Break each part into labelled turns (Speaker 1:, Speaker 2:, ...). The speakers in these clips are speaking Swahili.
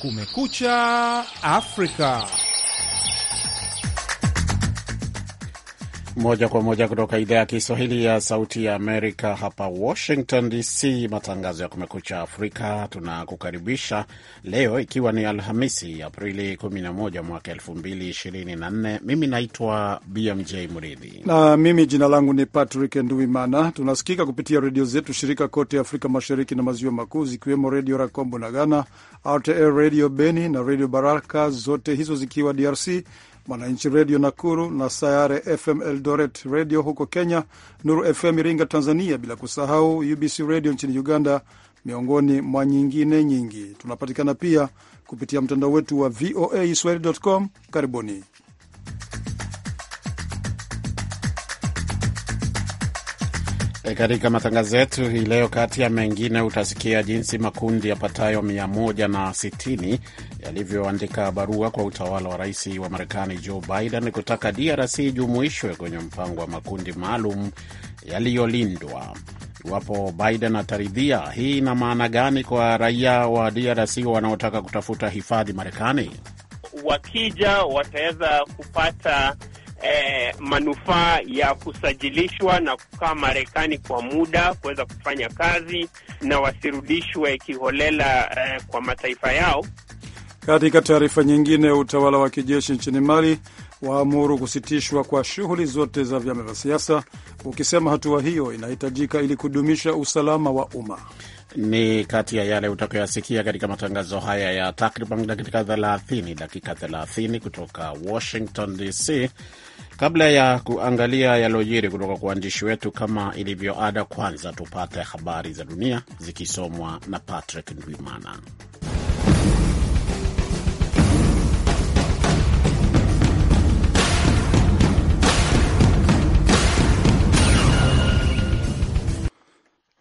Speaker 1: Kumekucha Afrika.
Speaker 2: moja kwa moja kutoka idhaa ya Kiswahili ya Sauti ya Amerika hapa Washington DC, matangazo ya Kumekucha Afrika. Tunakukaribisha leo ikiwa ni Alhamisi, Aprili 11 mwaka 2024. Mimi naitwa BMJ Mridhi
Speaker 3: na mimi jina langu ni Patrick Nduimana. Tunasikika kupitia redio zetu shirika kote Afrika Mashariki na Maziwa Makuu, zikiwemo Redio Rakombo na Ghana, RTL Redio Beni na Redio Baraka, zote hizo zikiwa DRC Mwananchi Redio Nakuru na Sayare FM Eldoret Redio huko Kenya, Nuru FM Iringa Tanzania, bila kusahau UBC Redio nchini Uganda, miongoni mwa nyingine nyingi. Tunapatikana pia kupitia mtandao wetu wa VOA swahili.com. Karibuni.
Speaker 2: E, katika matangazo yetu hii leo, kati ya mengine utasikia jinsi makundi yapatayo 160 yalivyoandika barua kwa utawala wa rais wa Marekani Joe Biden kutaka DRC ijumuishwe kwenye mpango wa makundi maalum yaliyolindwa. Iwapo Biden ataridhia, hii ina maana gani kwa raia wa DRC wanaotaka kutafuta hifadhi Marekani?
Speaker 1: Wakija wataweza kupata eh, manufaa ya kusajilishwa na kukaa Marekani kwa muda, kuweza kufanya kazi na wasirudishwe kiholela eh, kwa mataifa yao.
Speaker 3: Katika taarifa nyingine, utawala wa kijeshi nchini Mali waamuru kusitishwa kwa shughuli zote za vyama vya siasa, ukisema hatua hiyo inahitajika ili kudumisha usalama wa umma.
Speaker 2: Ni kati ya yale utakayoyasikia katika matangazo haya ya takriban dakika 30 dakika 30 kutoka Washington DC, kabla ya kuangalia yaliyojiri kutoka kwa waandishi wetu. Kama ilivyo ada, kwanza tupate habari za dunia zikisomwa na Patrick Ndwimana.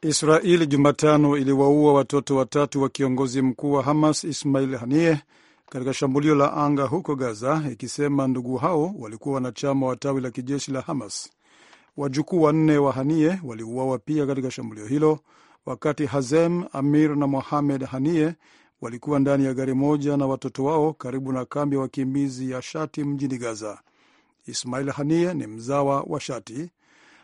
Speaker 3: Israeli Jumatano iliwaua watoto watatu wa kiongozi mkuu wa Hamas Ismail Haniyeh katika shambulio la anga huko Gaza, ikisema ndugu hao walikuwa wanachama wa tawi la kijeshi la Hamas. Wajukuu wanne wa Haniyeh waliuawa pia katika shambulio hilo, wakati Hazem Amir na Mohamed Haniyeh walikuwa ndani ya gari moja na watoto wao karibu na kambi ya wakimbizi ya Shati mjini Gaza. Ismail Haniyeh ni mzawa wa Shati.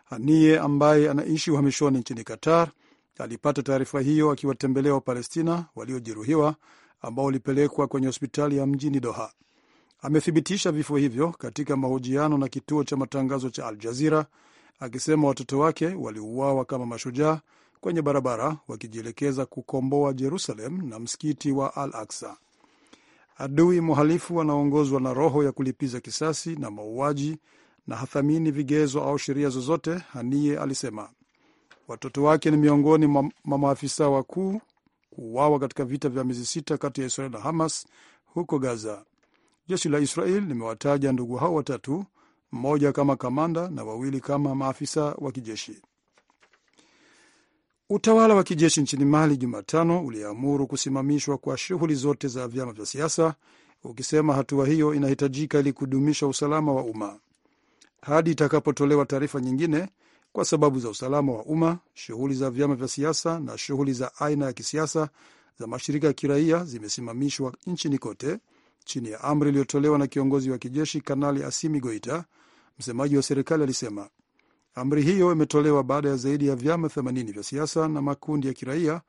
Speaker 3: Haniye ambaye anaishi uhamishoni nchini Qatar alipata taarifa hiyo akiwatembelea Wapalestina waliojeruhiwa ambao walipelekwa kwenye hospitali ya mjini Doha. Amethibitisha vifo hivyo katika mahojiano na kituo cha matangazo cha Al Jazira akisema watoto wake waliuawa kama mashujaa kwenye barabara wakijielekeza kukomboa Jerusalem na msikiti wa Al Aksa. Adui mhalifu anaongozwa na roho ya kulipiza kisasi na mauaji na hathamini vigezo au sheria zozote, Haniye alisema. Watoto wake ni miongoni mwa maafisa wakuu kuuawa katika vita vya miezi sita kati ya Israel na Hamas huko Gaza. Jeshi la Israel limewataja ndugu hao watatu, mmoja kama kamanda na wawili kama maafisa wa kijeshi. Utawala wa kijeshi nchini Mali Jumatano uliamuru kusimamishwa kwa shughuli zote za vyama vya siasa, ukisema hatua hiyo inahitajika ili kudumisha usalama wa umma hadi itakapotolewa taarifa nyingine, kwa sababu za usalama wa umma, shughuli za vyama vya siasa na shughuli za aina ya kisiasa za mashirika ya kiraia zimesimamishwa nchini kote chini ya amri iliyotolewa na kiongozi wa kijeshi Kanali Asimi Goita. Msemaji wa serikali alisema amri hiyo imetolewa baada ya zaidi ya vyama 80 vya siasa na makundi ya kiraia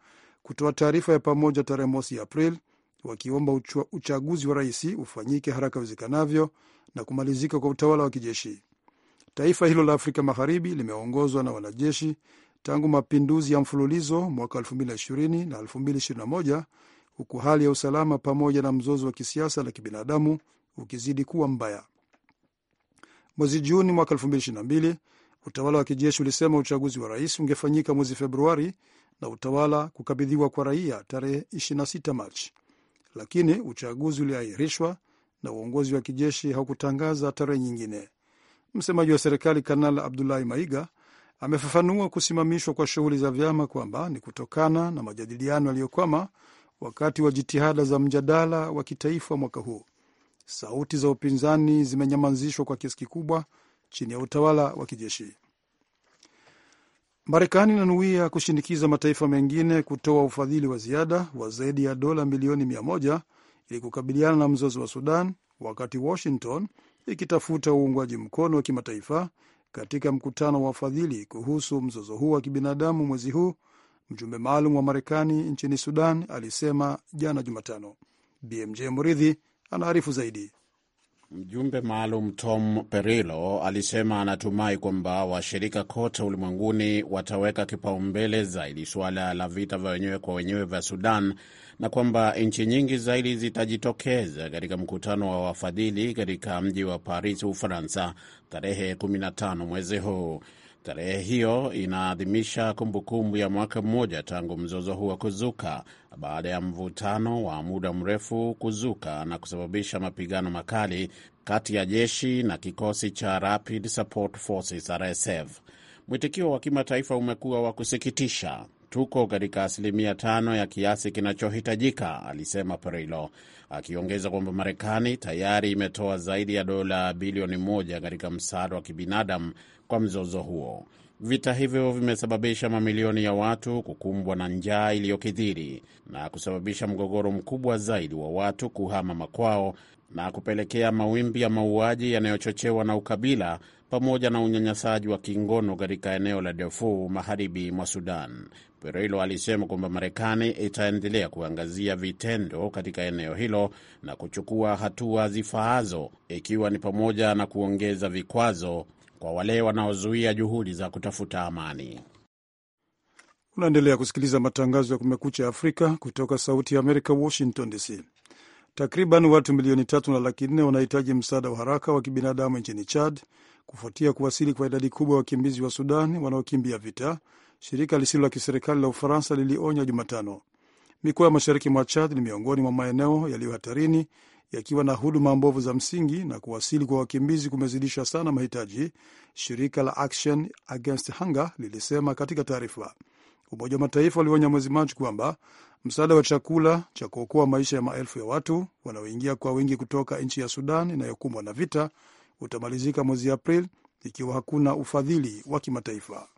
Speaker 3: kutoa taarifa ya pamoja tarehe mosi April wakiomba uchaguzi wa rais ufanyike haraka iwezekanavyo na kumalizika kwa utawala wa kijeshi. Taifa hilo la Afrika Magharibi limeongozwa na wanajeshi tangu mapinduzi ya mfululizo mwaka 2020 na 2021, huku hali ya usalama pamoja na mzozo wa kisiasa na kibinadamu ukizidi kuwa mbaya. Mwezi Juni mwaka 2022 utawala wa kijeshi ulisema uchaguzi wa rais ungefanyika mwezi Februari na utawala kukabidhiwa kwa raia tarehe 26 Machi, lakini uchaguzi uliahirishwa na uongozi wa kijeshi haukutangaza tarehe nyingine. Msemaji wa serikali Kanal Abdulahi Maiga amefafanua kusimamishwa kwa shughuli za vyama kwamba ni kutokana na majadiliano yaliyokwama wakati wa jitihada za mjadala wa kitaifa mwaka huu. Sauti za upinzani zimenyamazishwa kwa kiasi kikubwa chini ya utawala wa kijeshi. Marekani inanuia kushinikiza mataifa mengine kutoa ufadhili wa ziada wa zaidi ya dola milioni mia moja ili kukabiliana na mzozo wa Sudan, wakati Washington ikitafuta uungwaji mkono wa kimataifa katika mkutano wa wafadhili kuhusu mzozo huu wa kibinadamu mwezi huu. Mjumbe maalum wa Marekani nchini Sudan alisema jana Jumatano. BMJ Muridhi anaarifu zaidi. Mjumbe
Speaker 2: maalum Tom perilo alisema anatumai kwamba washirika kote ulimwenguni wataweka kipaumbele zaidi suala la vita vya wenyewe kwa wenyewe vya Sudan na kwamba nchi nyingi zaidi zitajitokeza katika mkutano wa wafadhili katika mji wa Paris, Ufaransa, tarehe 15 mwezi huu. Tarehe hiyo inaadhimisha kumbukumbu ya mwaka mmoja tangu mzozo huo kuzuka baada ya mvutano wa muda mrefu kuzuka na kusababisha mapigano makali kati ya jeshi na kikosi cha Rapid Support Forces RSF. Mwitikio wa kimataifa umekuwa wa kusikitisha tuko katika asilimia tano ya kiasi kinachohitajika, alisema Perillo, akiongeza kwamba Marekani tayari imetoa zaidi ya dola bilioni moja katika msaada wa kibinadamu kwa mzozo huo. Vita hivyo vimesababisha mamilioni ya watu kukumbwa na njaa iliyokithiri na kusababisha mgogoro mkubwa zaidi wa watu kuhama makwao na kupelekea mawimbi ya mauaji yanayochochewa na ukabila pamoja na unyanyasaji wa kingono katika eneo la Darfur magharibi mwa Sudan hilo alisema kwamba Marekani itaendelea kuangazia vitendo katika eneo hilo na kuchukua hatua zifaazo, ikiwa ni pamoja na kuongeza vikwazo kwa wale wanaozuia juhudi za kutafuta
Speaker 3: amani. Unaendelea kusikiliza matangazo ya Kumekucha Afrika kutoka Sauti ya Amerika, Washington DC. Takriban watu milioni tatu na laki nne wanahitaji msaada wa haraka wa kibinadamu nchini Chad kufuatia kuwasili kwa idadi kubwa ya wakimbizi wa Sudan wanaokimbia vita shirika lisilo la kiserikali la Ufaransa lilionya Jumatano. Mikoa ya mashariki mwa Chad ni miongoni mwa maeneo yaliyo hatarini, yakiwa na huduma mbovu za msingi na kuwasili kwa wakimbizi kumezidisha sana mahitaji, shirika la Action Against Hunger lilisema katika taarifa. Umoja wa Mataifa ulionya mwezi Machi kwamba msaada wa chakula cha kuokoa maisha ya maelfu ya watu wanaoingia kwa wingi kutoka nchi ya Sudan inayokumbwa na vita utamalizika mwezi Aprili ikiwa hakuna ufadhili wa kimataifa.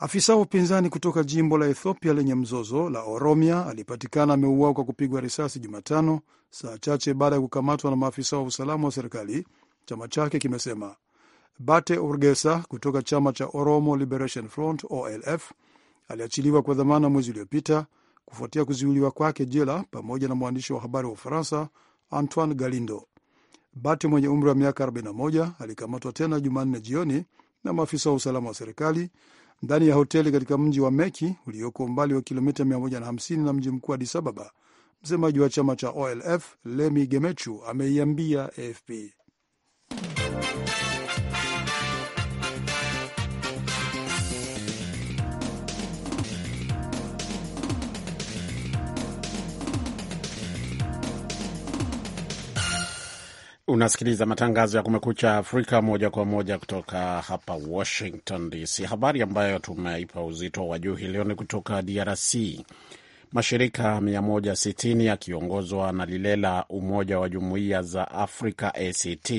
Speaker 3: Afisa wa upinzani kutoka jimbo la Ethiopia lenye mzozo la Oromia alipatikana ameuawa kwa kupigwa risasi Jumatano, saa chache baada ya kukamatwa na maafisa wa usalama wa serikali, chama chake kimesema. Bate Urgesa kutoka chama cha Oromo Liberation Front, OLF, aliachiliwa kwa dhamana mwezi uliopita kufuatia kuzuiliwa kwake jela pamoja na mwandishi wa habari wa Ufaransa Antoine Galindo. Bate mwenye umri wa miaka 41 alikamatwa tena Jumanne jioni na maafisa wa usalama wa serikali ndani ya hoteli katika mji wa Meki ulioko umbali wa kilomita 150 na, mji mkuu Addis Ababa. Msemaji wa chama cha OLF Lemi Gemechu ameiambia AFP.
Speaker 2: Unasikiliza matangazo ya Kumekucha Afrika moja kwa moja kutoka hapa Washington DC. Habari ambayo tumeipa uzito wa juu hii leo ni kutoka DRC. Mashirika 160 yakiongozwa na lile la Umoja wa Jumuiya za Afrika ACT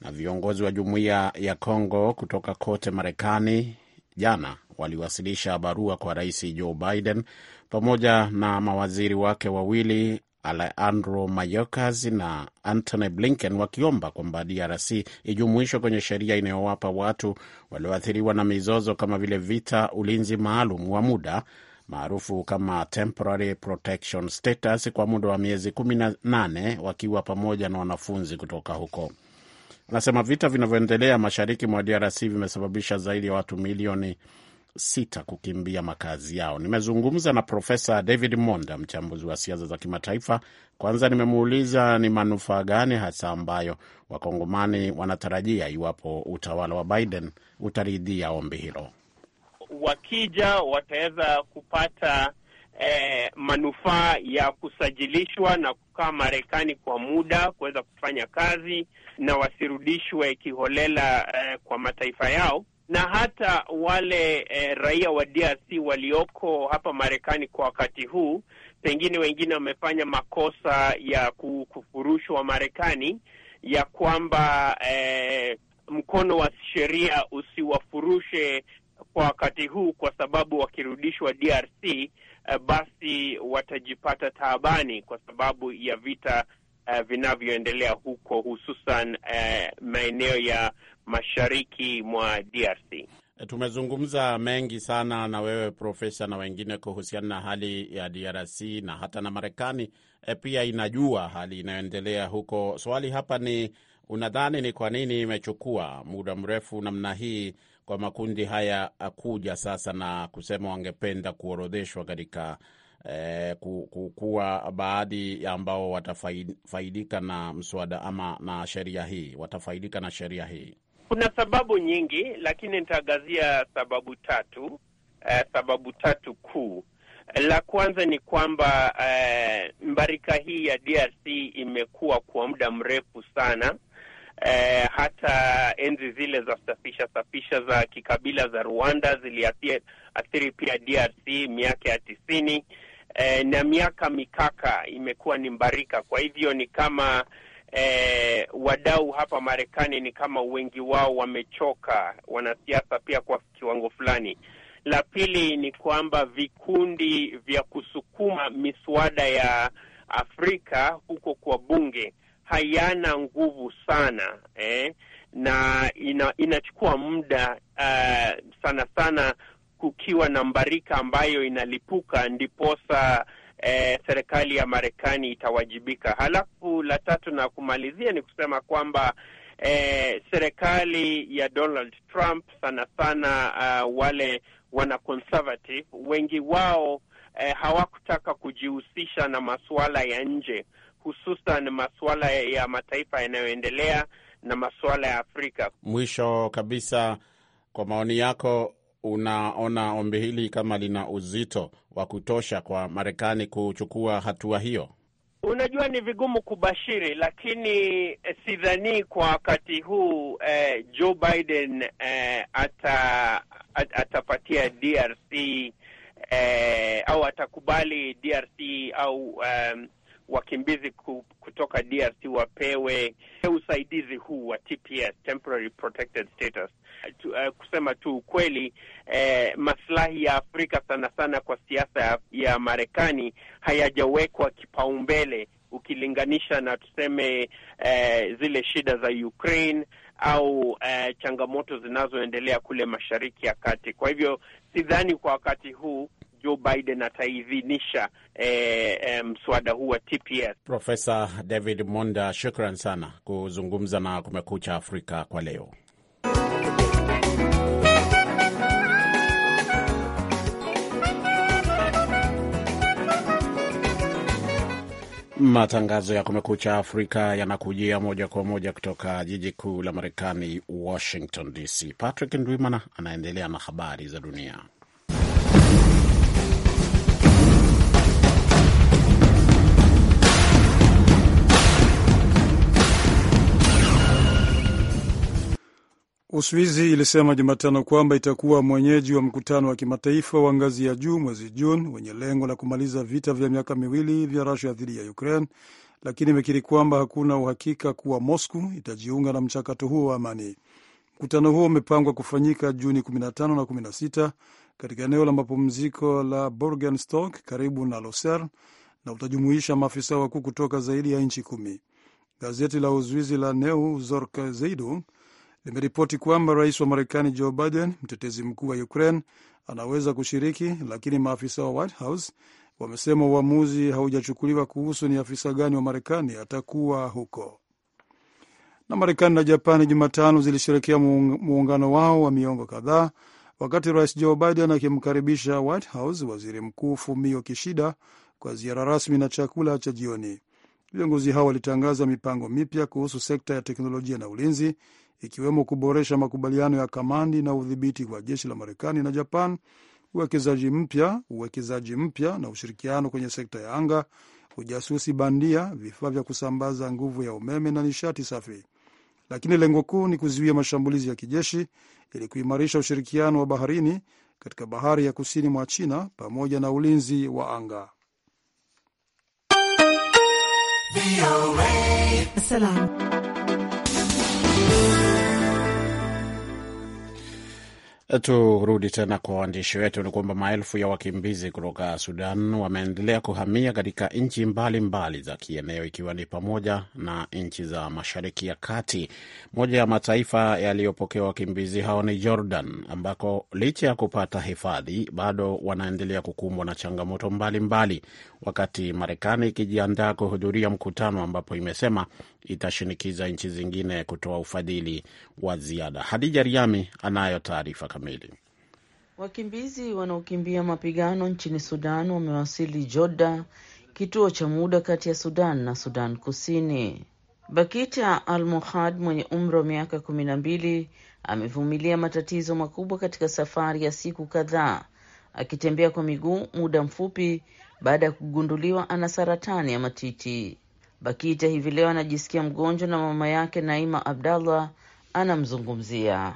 Speaker 2: na viongozi wa Jumuiya ya Congo kutoka kote Marekani jana waliwasilisha barua kwa Rais Joe Biden pamoja na mawaziri wake wawili Alejandro Mayorkas na Antony Blinken wakiomba kwamba DRC ijumuishwe kwenye sheria inayowapa watu walioathiriwa na mizozo kama vile vita ulinzi maalum wa muda maarufu kama temporary protection status kwa muda wa miezi 18 wakiwa pamoja na wanafunzi kutoka huko. Anasema vita vinavyoendelea mashariki mwa DRC vimesababisha zaidi ya watu milioni sita kukimbia makazi yao. Nimezungumza na Profesa David Monda, mchambuzi wa siasa za kimataifa. Kwanza nimemuuliza ni manufaa gani hasa ambayo wakongomani wanatarajia iwapo utawala wa Biden utaridhia ombi hilo.
Speaker 1: Wakija wataweza kupata eh, manufaa ya kusajilishwa na kukaa Marekani kwa muda, kuweza kufanya kazi na wasirudishwe kiholela eh, kwa mataifa yao na hata wale e, raia wa DRC walioko hapa Marekani kwa wakati huu, pengine wengine wamefanya makosa ya kufurushwa Marekani, ya kwamba e, mkono wa sheria usiwafurushe kwa wakati huu, kwa sababu wakirudishwa DRC eh, basi watajipata taabani kwa sababu ya vita uh, vinavyoendelea huko hususan uh, maeneo ya mashariki mwa DRC. Eh,
Speaker 2: tumezungumza mengi sana na wewe profesa na wengine kuhusiana na hali ya DRC na hata na Marekani e, pia inajua hali inayoendelea huko. Swali hapa ni unadhani ni kwa nini imechukua muda mrefu namna hii kwa makundi haya kuja sasa na kusema wangependa kuorodheshwa katika eh, kuwa baadhi ambao watafaidika na mswada ama na sheria hii, watafaidika na sheria hii?
Speaker 1: Kuna sababu nyingi, lakini nitaangazia sababu tatu, eh, sababu tatu kuu. La kwanza ni kwamba eh, mbarika hii ya DRC imekuwa kwa muda mrefu sana. Eh, hata enzi zile za safisha safisha za kikabila za Rwanda ziliathiri pia DRC miaka ya tisini eh, na miaka mikaka imekuwa ni mbarika. Kwa hivyo ni kama eh, wadau hapa Marekani ni kama wengi wao wamechoka, wanasiasa pia kwa kiwango fulani. La pili ni kwamba vikundi vya kusukuma miswada ya Afrika huko kwa bunge hayana nguvu sana eh, na ina, inachukua muda uh, sana sana kukiwa na mbarika ambayo inalipuka ndiposa eh, serikali ya Marekani itawajibika. Halafu la tatu na kumalizia ni kusema kwamba eh, serikali ya Donald Trump sana sana, uh, wale wana conservative wengi wao eh, hawakutaka kujihusisha na masuala ya nje, hususan masuala ya mataifa yanayoendelea na masuala ya Afrika.
Speaker 2: Mwisho kabisa, kwa maoni yako unaona ombi hili kama lina uzito wa kutosha kwa Marekani kuchukua hatua hiyo?
Speaker 1: Unajua, ni vigumu kubashiri, lakini eh, sidhani kwa wakati huu eh, Joe Biden eh, ata, at, atapatia DRC eh, au atakubali DRC au um, wakimbizi kutoka DRC wapewe usaidizi huu wa TPS, temporary protected status. Tu, uh, kusema tu ukweli eh, maslahi ya Afrika sana sana kwa siasa ya, ya Marekani hayajawekwa kipaumbele ukilinganisha na tuseme eh, zile shida za Ukraine au eh, changamoto zinazoendelea kule Mashariki ya Kati. Kwa hivyo sidhani kwa wakati huu Joe Biden ataidhinisha mswada eh, eh, mswada huu wa TPS.
Speaker 2: Profesa David Monda, shukran sana kuzungumza na Kumekucha Afrika kwa leo. Matangazo ya Kumekucha Afrika yanakujia moja kwa moja kutoka jiji kuu la Marekani, Washington DC. Patrick Ndwimana anaendelea na habari za dunia.
Speaker 3: Uswizi ilisema Jumatano kwamba itakuwa mwenyeji wa mkutano wa kimataifa wa ngazi ya juu mwezi Juni wenye lengo la kumaliza vita vya miaka miwili vya Rusia dhidi ya Ukraine, lakini imekiri kwamba hakuna uhakika kuwa Moscow itajiunga na mchakato huo wa amani. Mkutano huo umepangwa kufanyika Juni 15 na 16 katika eneo la mapumziko la Borgenstock karibu na loser na utajumuisha maafisa wakuu kutoka zaidi ya nchi kumi. Gazeti la Uswizi la Neu Zorka Zeitung limeripoti kwamba rais wa Marekani Joe Biden, mtetezi mkuu wa Ukraine, anaweza kushiriki, lakini maafisa wa White House wamesema uamuzi haujachukuliwa kuhusu ni afisa gani wa Marekani atakuwa huko. Na Marekani na Japani Jumatano zilisherekea muungano wao wa miongo kadhaa wakati rais Joe Biden akimkaribisha White House waziri mkuu Fumio Kishida kwa ziara rasmi na chakula cha jioni. Viongozi hao walitangaza mipango mipya kuhusu sekta ya teknolojia na ulinzi ikiwemo kuboresha makubaliano ya kamandi na udhibiti wa jeshi la Marekani na Japan, uwekezaji mpya uwekezaji mpya na ushirikiano kwenye sekta ya anga, ujasusi bandia, vifaa vya kusambaza nguvu ya umeme na nishati safi. Lakini lengo kuu ni kuzuia mashambulizi ya kijeshi ili kuimarisha ushirikiano wa baharini katika bahari ya kusini mwa China pamoja na ulinzi wa anga. Salam.
Speaker 4: Thank you.
Speaker 2: Turudi tena kwa waandishi wetu. Ni kwamba maelfu ya wakimbizi kutoka Sudan wameendelea kuhamia katika nchi mbalimbali za kieneo ikiwa ni pamoja na nchi za mashariki ya kati. Moja ya mataifa yaliyopokea wakimbizi hao ni Jordan, ambako licha ya kupata hifadhi bado wanaendelea kukumbwa na changamoto mbalimbali mbali. Wakati Marekani ikijiandaa kuhudhuria mkutano ambapo imesema itashinikiza nchi zingine kutoa ufadhili wa ziada. Hadija Riami anayo taarifa kamili.
Speaker 4: Wakimbizi wanaokimbia mapigano nchini Sudan wamewasili Joda, kituo cha muda kati ya Sudan na Sudan Kusini. Bakita Al muhad mwenye umri wa miaka kumi na mbili amevumilia matatizo makubwa katika safari ya siku kadhaa akitembea kwa miguu muda mfupi baada ya kugunduliwa ana saratani ya matiti. Bakita hivi leo anajisikia mgonjwa na mama yake Naima Abdallah anamzungumzia.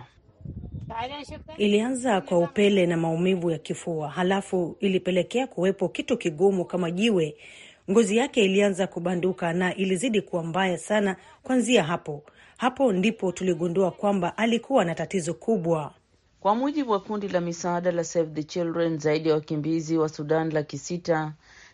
Speaker 4: Ilianza kwa upele na maumivu ya kifua, halafu ilipelekea kuwepo kitu kigumu kama jiwe. Ngozi yake ilianza kubanduka na ilizidi kuwa mbaya sana. Kuanzia hapo hapo ndipo tuligundua kwamba alikuwa na tatizo kubwa. Kwa mujibu wa kundi la misaada la Save the Children, zaidi ya wa wakimbizi wa Sudan laki sita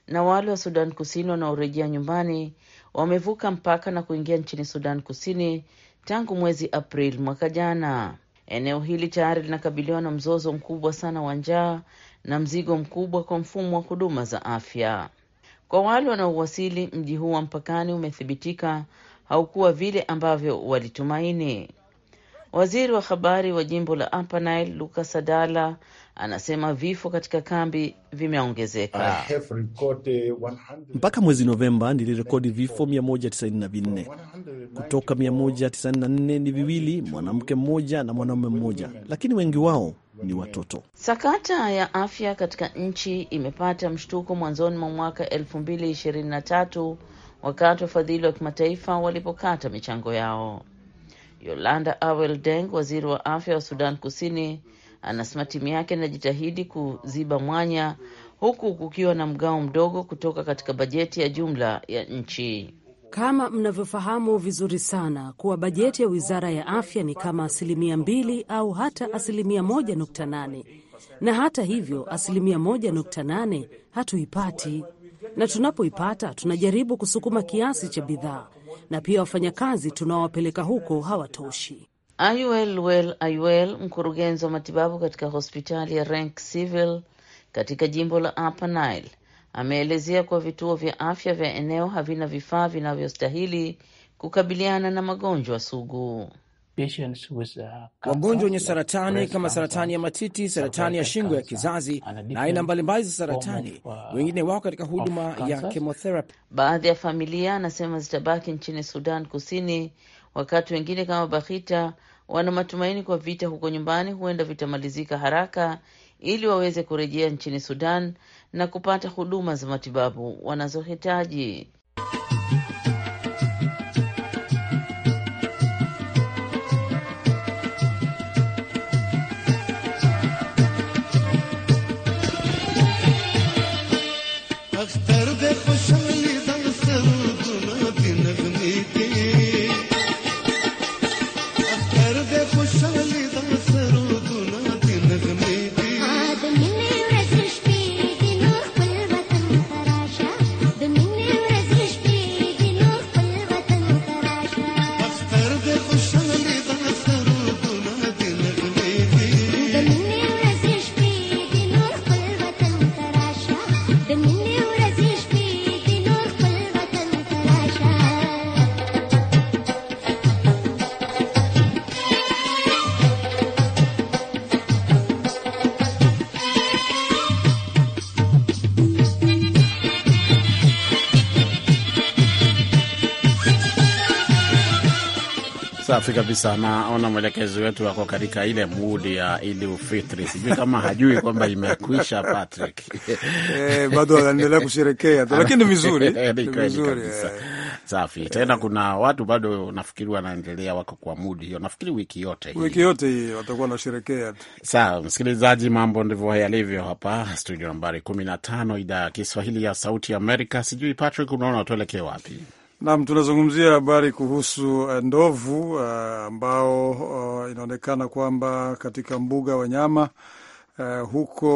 Speaker 4: na wale wa Sudan Kusini wanaorejea nyumbani wamevuka mpaka na kuingia nchini Sudan Kusini tangu mwezi Aprili mwaka jana. Eneo hili tayari linakabiliwa na mzozo mkubwa sana wa njaa na mzigo mkubwa kwa mfumo wa huduma za afya. Kwa wale wanaowasili, mji huu wa mpakani umethibitika haukuwa vile ambavyo walitumaini. Waziri wa habari wa jimbo la Upper Nile sadala anasema vifo katika kambi vimeongezeka.
Speaker 1: Mpaka mwezi Novemba nilirekodi vifo 194 kutoka 194 ni viwili, mwanamke mmoja na mwanaume mmoja, lakini wengi wao ni watoto.
Speaker 4: Sakata ya afya katika nchi imepata mshtuko mwanzoni mwa mwaka 2023 wakati wafadhili wa kimataifa walipokata michango yao. Yolanda Awel Deng, waziri wa afya wa Sudan Kusini, anasema timu yake inajitahidi kuziba mwanya huku kukiwa na mgao mdogo kutoka katika bajeti ya jumla ya nchi. Kama mnavyofahamu vizuri sana kuwa bajeti ya wizara ya afya ni kama asilimia mbili au hata asilimia moja nukta nane na hata hivyo asilimia moja nukta nane hatuipati, na tunapoipata tunajaribu kusukuma kiasi cha bidhaa, na pia wafanyakazi tunaowapeleka huko hawatoshi. Ayuel Wel Ayuel, mkurugenzi wa matibabu katika hospitali ya Rank Civil katika jimbo la Upper Nile Ameelezea kuwa vituo vya afya vya eneo havina vifaa vinavyostahili kukabiliana na magonjwa
Speaker 5: sugu. Uh, Wagonjwa wenye uh, saratani kama saratani ya matiti, saratani ya shingo ya kizazi na aina mbalimbali za saratani, uh,
Speaker 4: wengine wako katika huduma ya chemotherapy. Baadhi ya familia anasema zitabaki nchini Sudan Kusini, wakati wengine kama Bakhita wana matumaini kwa vita huko nyumbani huenda vitamalizika haraka ili waweze kurejea nchini Sudan na kupata huduma za matibabu wanazohitaji.
Speaker 2: safi kabisa. Naona mwelekezi wetu wako katika ile mudi ya Idi Ufitri, sijui kama hajui kwamba imekwisha Patrick.
Speaker 3: Eh, bado anaendelea kusherekea, tu, lakini vizuri vizuri, eh.
Speaker 2: safi eh. tena. Kuna watu bado nafikiri wanaendelea wako kwa mudi hiyo, nafikiri wiki yote hii, wiki
Speaker 3: yote hii watakuwa wanasherekea.
Speaker 2: Sawa msikilizaji, mambo ndivyo yalivyo hapa studio nambari 15 idhaa ya Kiswahili ya Sauti Amerika. Sijui Patrick, unaona watuelekee wapi?
Speaker 3: Nam, tunazungumzia habari kuhusu eh, ndovu eh, ambao uh, uh, inaonekana kwamba katika mbuga wanyama uh, huko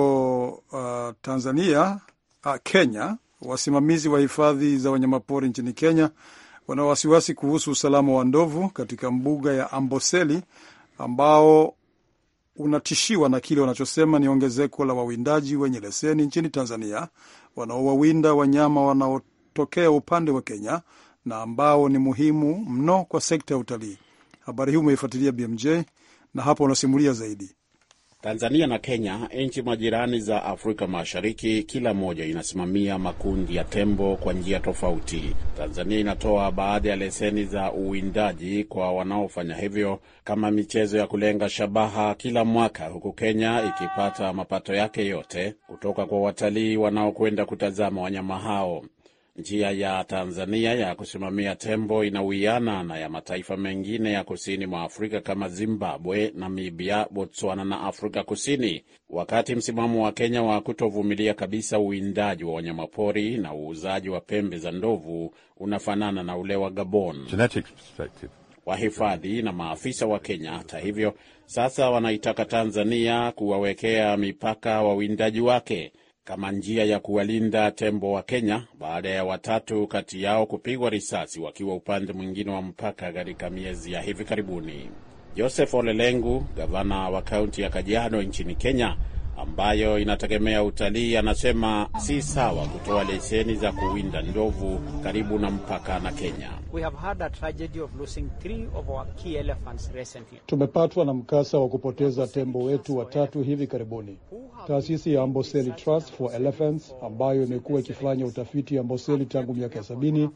Speaker 3: uh, Tanzania uh, Kenya, wasimamizi wa hifadhi za wanyamapori nchini Kenya wana wasiwasi kuhusu usalama wa ndovu katika mbuga ya Amboseli ambao unatishiwa na kile wanachosema ni ongezeko la wawindaji wenye leseni nchini Tanzania wanaowawinda wanyama wanaotokea upande wa Kenya na ambao ni muhimu mno kwa sekta ya utalii. Habari hii umeifuatilia BMJ na hapa unasimulia zaidi.
Speaker 2: Tanzania na Kenya, nchi majirani za Afrika Mashariki, kila moja inasimamia makundi ya tembo kwa njia tofauti. Tanzania inatoa baadhi ya leseni za uwindaji kwa wanaofanya hivyo kama michezo ya kulenga shabaha kila mwaka, huku Kenya ikipata mapato yake yote kutoka kwa watalii wanaokwenda kutazama wanyama hao. Njia ya Tanzania ya kusimamia tembo inawiana na ya mataifa mengine ya kusini mwa Afrika kama Zimbabwe, Namibia, Botswana na Afrika Kusini, wakati msimamo wa Kenya wa kutovumilia kabisa uwindaji wa wanyamapori na uuzaji wa pembe za ndovu unafanana na ule wa Gabon. Wahifadhi na maafisa wa Kenya, hata hivyo, sasa wanaitaka Tanzania kuwawekea mipaka wawindaji wake kama njia ya kuwalinda tembo wa Kenya baada ya watatu kati yao kupigwa risasi wakiwa upande mwingine wa mpaka katika miezi ya hivi karibuni. Joseph Olelengu, gavana wa kaunti ya Kajiado nchini Kenya, ambayo inategemea utalii, anasema si sawa kutoa leseni za kuwinda ndovu karibu na mpaka na Kenya.
Speaker 3: Tumepatwa na mkasa wa kupoteza tembo wetu watatu hivi karibuni. Taasisi ya Amboseli Trust for Elephants ambayo imekuwa ikifanya utafiti Amboseli tangu miaka ya sabini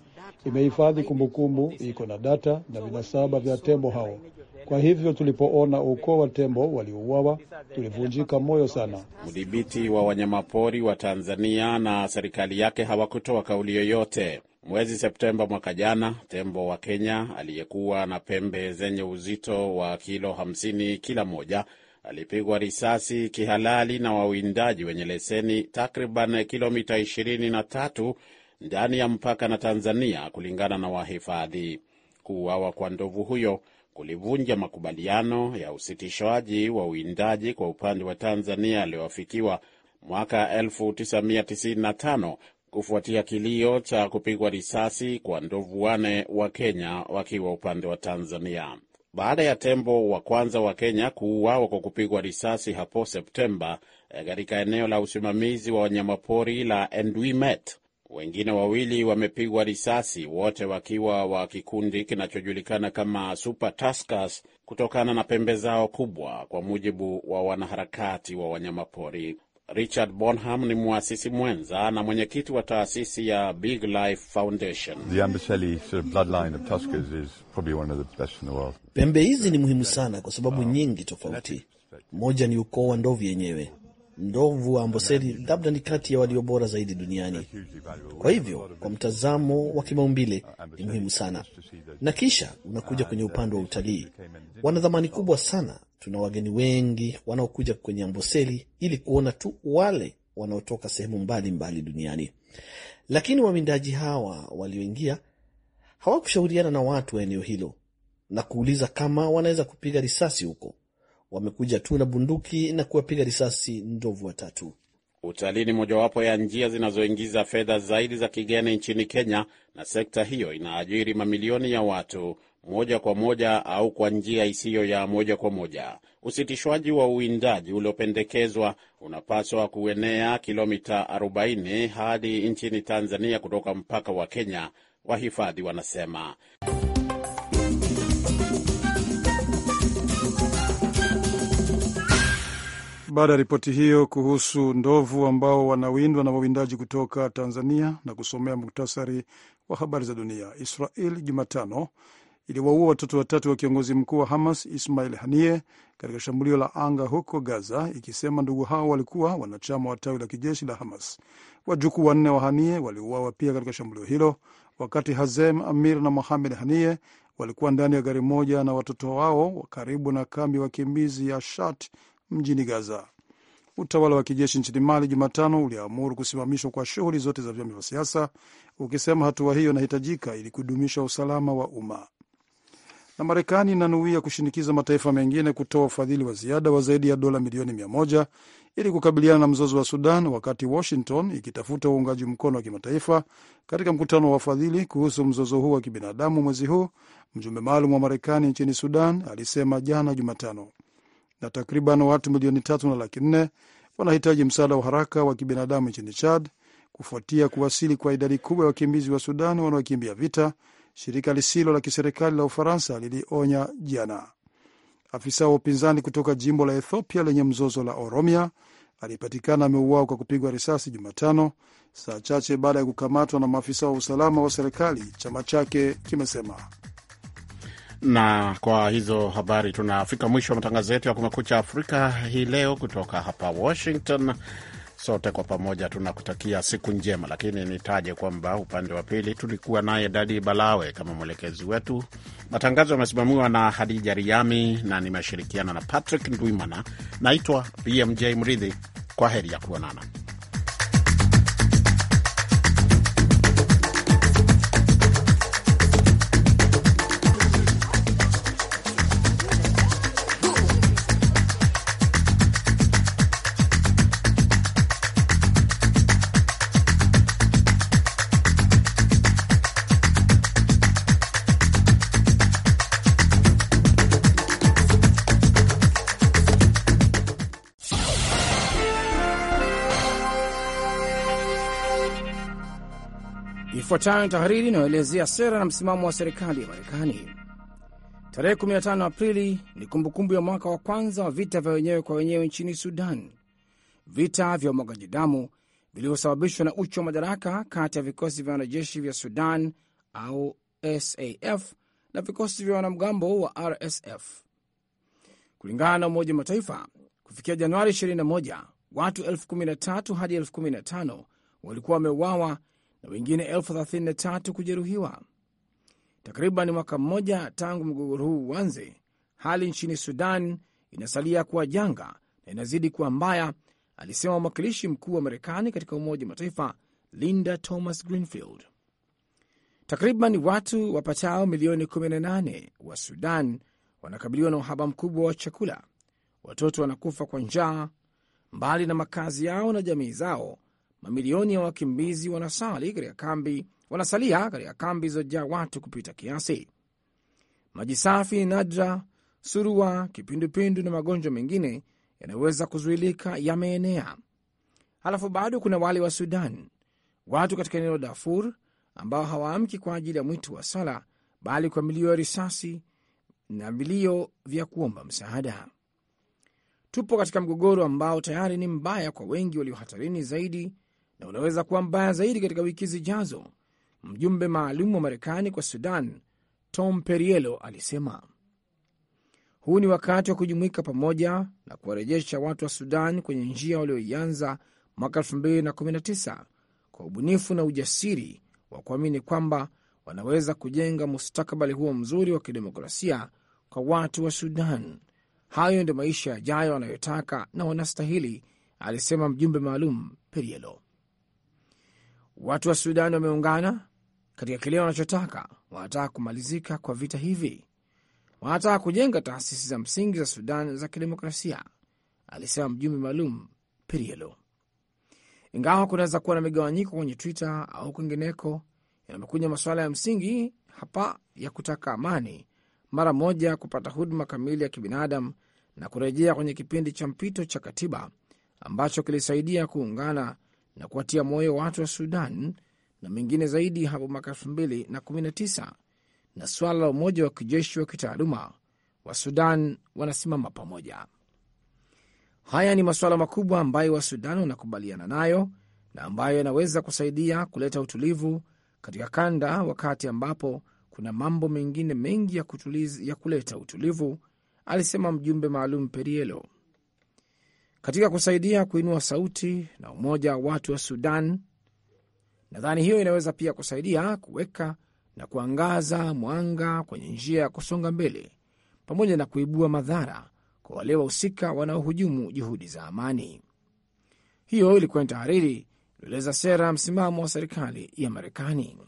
Speaker 3: imehifadhi kumbukumbu, iko na data na vinasaba vya tembo hao. Kwa hivyo tulipoona ukoo wa tembo waliouawa tulivunjika moyo sana.
Speaker 2: Mdhibiti wa wanyamapori wa Tanzania na serikali yake hawakutoa kauli yoyote. Mwezi Septemba mwaka jana, tembo wa Kenya aliyekuwa na pembe zenye uzito wa kilo 50 kila moja alipigwa risasi kihalali na wawindaji wenye leseni takriban kilomita 23 ndani ya mpaka na Tanzania, kulingana na wahifadhi. Kuuawa kwa ndovu huyo kulivunja makubaliano ya usitishwaji wa uindaji kwa upande wa Tanzania yaliyoafikiwa mwaka 1995 kufuatia kilio cha kupigwa risasi kwa ndovu wane wa Kenya wakiwa upande wa Tanzania. Baada ya tembo wa kwanza wa Kenya kuuawa kwa kupigwa risasi hapo Septemba eh, katika eneo la usimamizi wa wanyamapori la Enduimet wengine wawili wamepigwa risasi, wote wakiwa wa kikundi kinachojulikana kama Super Tuskers kutokana na pembe zao kubwa, kwa mujibu wa wanaharakati wa wanyamapori. Richard Bonham ni mwasisi mwenza na mwenyekiti wa taasisi ya Big Life Foundation. Pembe hizi ni muhimu sana kwa sababu nyingi tofauti. Moja ni ukoo wa ndovu yenyewe, Ndovu wa Amboseli labda ni kati ya walio bora zaidi duniani. Kwa hivyo, kwa mtazamo wa kimaumbile ni muhimu sana, na kisha unakuja kwenye upande wa utalii, wana dhamani kubwa sana. Tuna wageni wengi wanaokuja kwenye Amboseli ili kuona tu wale wanaotoka sehemu mbalimbali mbali duniani, lakini wawindaji hawa walioingia hawakushauriana na watu wa eneo hilo na kuuliza kama wanaweza kupiga risasi huko wamekuja tu na bunduki na kuwapiga risasi ndovu watatu. Utalii ni mojawapo ya njia zinazoingiza fedha zaidi za kigeni nchini Kenya, na sekta hiyo inaajiri mamilioni ya watu moja kwa moja au kwa njia isiyo ya moja kwa moja. Usitishwaji wa uwindaji uliopendekezwa unapaswa kuenea kilomita 40 hadi nchini Tanzania kutoka mpaka wa Kenya, wahifadhi wanasema.
Speaker 3: baada ya ripoti hiyo kuhusu ndovu ambao wanawindwa na wawindaji kutoka Tanzania na kusomea muktasari wa habari za dunia. Israel Jumatano iliwaua watoto watatu wa kiongozi mkuu wa Hamas Ismail hanie katika shambulio la anga huko Gaza, ikisema ndugu hao walikuwa wanachama wa tawi la kijeshi la Hamas. Wajukuu wanne wa hanie waliuawa pia katika shambulio hilo, wakati Hazem Amir na Mohamed hanie walikuwa ndani ya gari moja na watoto wao karibu na kambi ya wakimbizi ya Shat mjini Gaza. Utawala wa kijeshi nchini Mali Jumatano uliamuru kusimamishwa kwa shughuli zote za vyama vya siasa, ukisema hatua hiyo inahitajika ili kudumisha usalama wa umma. Na Marekani inanuia kushinikiza mataifa mengine kutoa ufadhili wa ziada wa zaidi ya dola milioni mia moja ili kukabiliana na mzozo wa Sudan, wakati Washington ikitafuta uungaji mkono wa kimataifa katika mkutano wa wafadhili kuhusu mzozo huu wa kibinadamu mwezi huu. Mjumbe maalum wa Marekani nchini Sudan alisema jana Jumatano na takriban watu milioni tatu na laki nne wanahitaji msaada wa haraka wa kibinadamu nchini Chad kufuatia kuwasili kwa idadi kubwa ya wakimbizi wa Sudan wanaokimbia vita, shirika lisilo la kiserikali la Ufaransa lilionya jana. Afisa wa upinzani kutoka jimbo la Ethiopia lenye mzozo la Oromia alipatikana ameuawa kwa kupigwa risasi Jumatano, saa chache baada ya kukamatwa na maafisa wa usalama wa serikali, chama chake kimesema.
Speaker 2: Na kwa hizo habari tunafika mwisho wa matangazo yetu ya Kumekucha Afrika hii leo kutoka hapa Washington. Sote kwa pamoja tunakutakia siku njema, lakini nitaje kwamba upande wa pili tulikuwa naye Dadi Balawe kama mwelekezi wetu. Matangazo yamesimamiwa na Hadija Riami na nimeshirikiana na Patrick Ndwimana. Naitwa BMJ Mridhi, kwa heri ya kuonana.
Speaker 5: Ifuatayo ni tahariri inayoelezea sera na msimamo wa serikali ya Marekani. Tarehe 15 Aprili ni kumbukumbu ya mwaka wa kwanza wa vita vya wenyewe kwa wenyewe nchini Sudan, vita vya umwagaji damu vilivyosababishwa na uchu wa madaraka kati ya vikosi vya wanajeshi vya Sudan au SAF na vikosi vya wanamgambo wa RSF. Kulingana na Umoja wa Mataifa, kufikia Januari 21 watu 13 hadi 15 walikuwa wameuawa na wengine elfu 33 kujeruhiwa. Takriban mwaka mmoja tangu mgogoro huu uanze, hali nchini Sudan inasalia kuwa janga na inazidi kuwa mbaya, alisema mwakilishi mkuu wa Marekani katika Umoja wa Mataifa Linda Thomas Greenfield. Takriban watu wapatao milioni 18 wa Sudan wanakabiliwa na uhaba mkubwa wa chakula. Watoto wanakufa kwa njaa. Mbali na makazi yao na jamii zao, mamilioni ya wakimbizi wanasali katika kambi, wanasalia katika kambi zilizojaa watu kupita kiasi. Maji safi, nadra, surua, kipindupindu na magonjwa mengine yanayoweza kuzuilika yameenea. Halafu bado kuna wale wa Sudan, watu katika eneo la Darfur ambao hawaamki kwa ajili ya mwito wa sala, bali kwa milio ya risasi na vilio vya kuomba msaada. Tupo katika mgogoro ambao tayari ni mbaya kwa wengi walio hatarini zaidi na unaweza kuwa mbaya zaidi katika wiki zijazo, mjumbe maalum wa Marekani kwa Sudan Tom Perriello alisema. Huu ni wakati wa kujumuika pamoja na kuwarejesha watu wa Sudan kwenye njia walioianza mwaka 2019 kwa ubunifu na ujasiri wa kuamini kwamba wanaweza kujenga mustakabali huo mzuri wa kidemokrasia kwa watu wa Sudan. Hayo ndio maisha yajayo wanayotaka na wanastahili, alisema mjumbe maalum Perielo. Watu wa Sudan wameungana katika kile wanachotaka. Wanataka kumalizika kwa vita hivi, wanataka kujenga taasisi za msingi za Sudan za kidemokrasia, alisema mjumbe maalum perielo Ingawa kunaweza kuwa na migawanyiko kwenye Twitter au kwingineko, yamekuja masuala ya msingi hapa ya kutaka amani mara moja, kupata huduma kamili ya kibinadamu na kurejea kwenye kipindi cha mpito cha katiba ambacho kilisaidia kuungana na kuwatia moyo watu wa Sudan na mengine zaidi hapo mwaka 2019 na suala la umoja wa kijeshi wa kitaaluma wa Sudan wanasimama pamoja. Haya ni masuala makubwa ambayo Wasudan wanakubaliana nayo na ambayo yanaweza kusaidia kuleta utulivu katika kanda, wakati ambapo kuna mambo mengine mengi ya, kutuliz, ya kuleta utulivu, alisema mjumbe maalum Perielo katika kusaidia kuinua sauti na umoja wa watu wa Sudan. Nadhani hiyo inaweza pia kusaidia kuweka na kuangaza mwanga kwenye njia ya kusonga mbele, pamoja na kuibua madhara kwa wale wahusika wanaohujumu juhudi za amani. Hiyo ilikuwa ni tahariri ilieleza sera msimamo wa serikali ya Marekani.